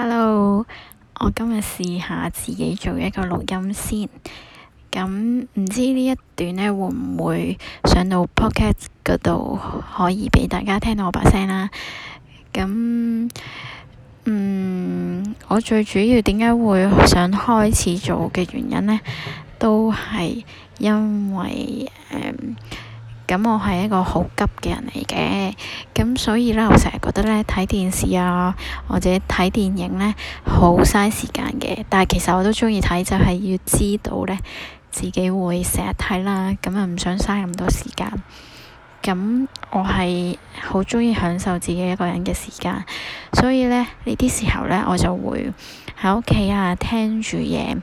Hello，我今日試下自己做一個錄音先。咁、嗯、唔知呢一段咧會唔會上到 Podcast 嗰度，可以俾大家聽到我把聲啦。咁嗯，我最主要點解會想開始做嘅原因咧，都係因為、嗯咁我係一個好急嘅人嚟嘅，咁所以咧，我成日覺得咧睇電視啊，或者睇電影咧，好嘥時間嘅。但係其實我都中意睇，就係要知道咧，自己會成日睇啦，咁啊唔想嘥咁多時間。咁我係好中意享受自己一個人嘅時間，所以咧呢啲時候咧，我就會喺屋企啊聽住嘢，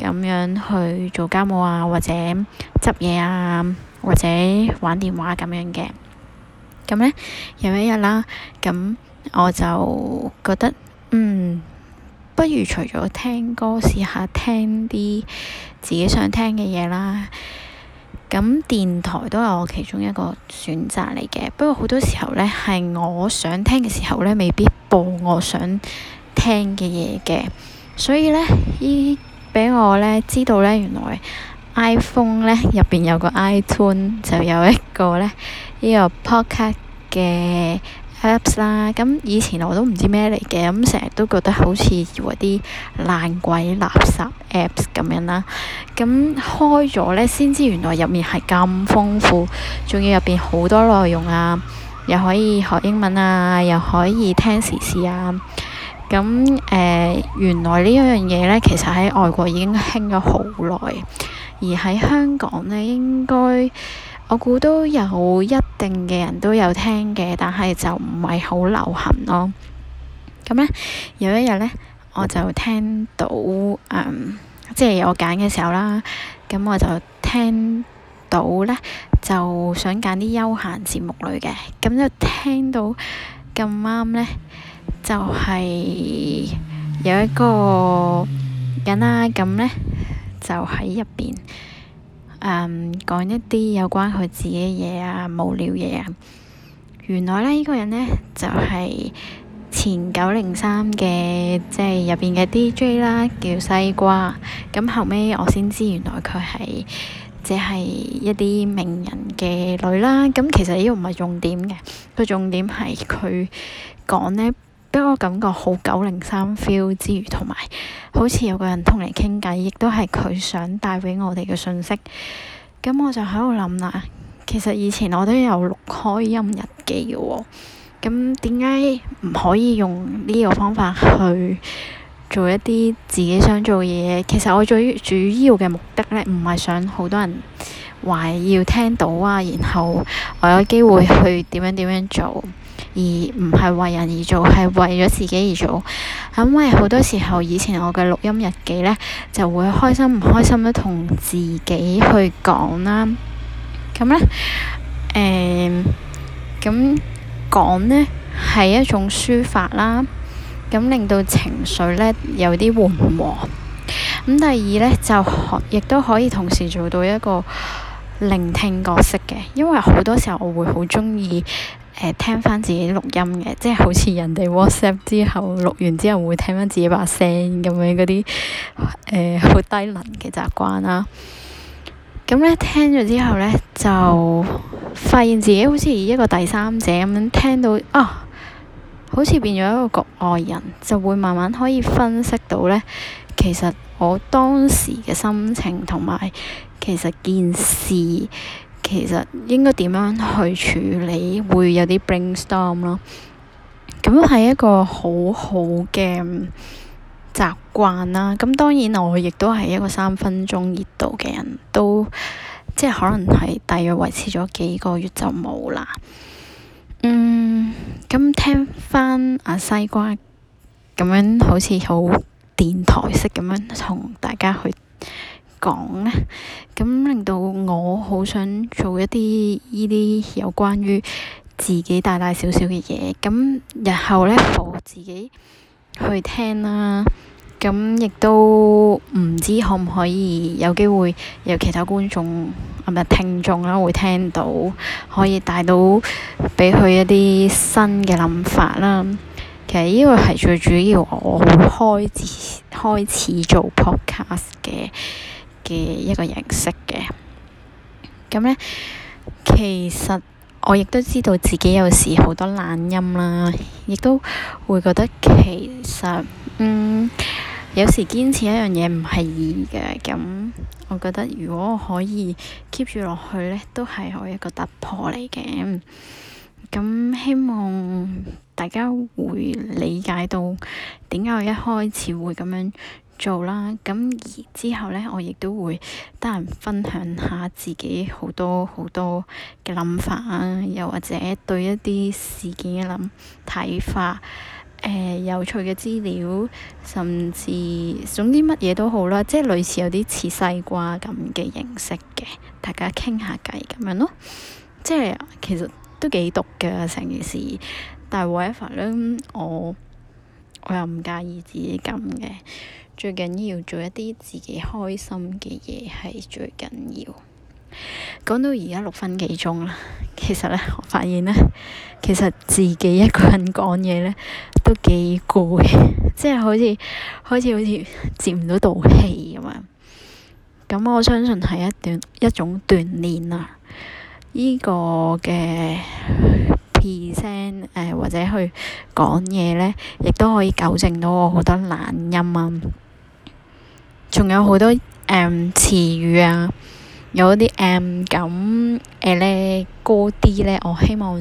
咁樣去做家務啊，或者執嘢啊。或者玩電話咁樣嘅，咁呢，有一日啦，咁我就覺得，嗯，不如除咗聽歌，試下聽啲自己想聽嘅嘢啦。咁電台都係我其中一個選擇嚟嘅，不過好多時候呢，係我想聽嘅時候呢，未必播我想聽嘅嘢嘅，所以呢，依俾我呢，知道呢原來。iPhone 咧入邊有個 iTunes 就有一個咧呢個 Podcast 嘅 Apps 啦。咁以前我都唔知咩嚟嘅，咁成日都覺得好似以為啲爛鬼垃圾 Apps 咁樣啦。咁開咗咧，先知原來入面係咁豐富，仲要入邊好多內容啊！又可以學英文啊，又可以聽時事啊。咁誒、呃，原來呢一樣嘢咧，其實喺外國已經興咗好耐。而喺香港咧，應該我估都有一定嘅人都有聽嘅，但係就唔係好流行咯。咁咧，有一日咧，我就聽到誒，即係我揀嘅時候啦。咁我就聽到咧，就想揀啲休閒節目類嘅。咁就聽到咁啱咧，就係有一個人啦。咁咧。就喺入邊，誒，講一啲有關佢自己嘅嘢啊，無聊嘢啊。原來咧，呢個人咧，就係前九零三嘅，即係入邊嘅 DJ 啦，叫西瓜。咁後尾我先知，原來佢係，即係一啲名人嘅女啦。咁其實呢個唔係重點嘅，佢重點係佢講咧。俾我感覺好九零三 feel 之餘，同埋好似有個人同你傾偈，亦都係佢想帶畀我哋嘅信息。咁我就喺度諗啦，其實以前我都有錄開音日記嘅喎。咁點解唔可以用呢個方法去做一啲自己想做嘅嘢？其實我最主要嘅目的咧，唔係想好多人話要聽到啊，然後我有機會去點樣點樣做。而唔係為人而做，係為咗自己而做。咁、嗯、因為好多時候，以前我嘅錄音日記呢，就會開心唔開心都同自己去講啦。咁呢，誒、嗯，咁講呢，係一種抒發啦，咁令到情緒呢有啲緩和。咁、嗯、第二呢，就學，亦都可以同時做到一個聆聽角色嘅，因為好多時候我會好中意誒，聽翻自己錄音嘅，即係好似人哋 WhatsApp 之後錄完之後會聽翻自己把聲咁樣，嗰啲誒，好低能嘅習慣啦。咁咧聽咗之後咧，就發現自己好似一個第三者咁樣聽到啊，好似變咗一個局外人，就會慢慢可以分析到咧，其實我當時嘅心情同埋。其實件事其實應該點樣去處理，會有啲 brainstorm 咯。咁係一個好好嘅習慣啦。咁當然我亦都係一個三分鐘熱度嘅人都，即係可能係大約維持咗幾個月就冇啦。嗯，咁聽翻阿西瓜咁樣好似好電台式咁樣同大家去。講咧，咁令到我好想做一啲呢啲有關於自己大大小小嘅嘢。咁日後咧，我自己去聽啦。咁亦都唔知可唔可以有機會有其他觀眾啊，唔係聽眾啦，會聽到可以帶到俾佢一啲新嘅諗法啦。其實呢個係最主要我會開始開始開始做 podcast 嘅嘅一個形式嘅，咁呢，其實我亦都知道自己有時好多懶音啦，亦都會覺得其實，嗯，有時堅持一樣嘢唔係易嘅，咁我覺得如果我可以 keep 住落去呢，都係我一個突破嚟嘅。咁希望大家會理解到點解我一開始會咁樣。做啦，咁而之後咧，我亦都會得閒分享下自己好多好多嘅諗法啊，又或者對一啲事件嘅諗睇法，誒、呃、有趣嘅資料，甚至總之乜嘢都好啦，即係類似有啲似西瓜咁嘅形式嘅，大家傾下偈咁樣咯。即係其實都幾毒㗎成件事，但係 whatever 咧，我。我又唔介意自己咁嘅，最緊要做一啲自己開心嘅嘢係最緊要。講到而家六分幾鐘啦，其實咧，我發現咧，其實自己一個人講嘢咧都幾攰， 即係好似好似好似接唔到道氣咁樣。咁我相信係一段一種鍛鍊啊！呢、呢個嘅。 二聲誒，或者去講嘢咧，亦都可以糾正到我好多懶音啊。仲有好多誒詞、嗯、語啊，有啲誒咁誒咧歌啲咧，我希望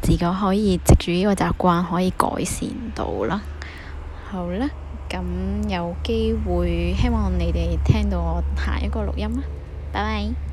自己可以藉住呢個習慣可以改善到啦。好啦，咁有機會希望你哋聽到我下一個錄音啊，拜拜。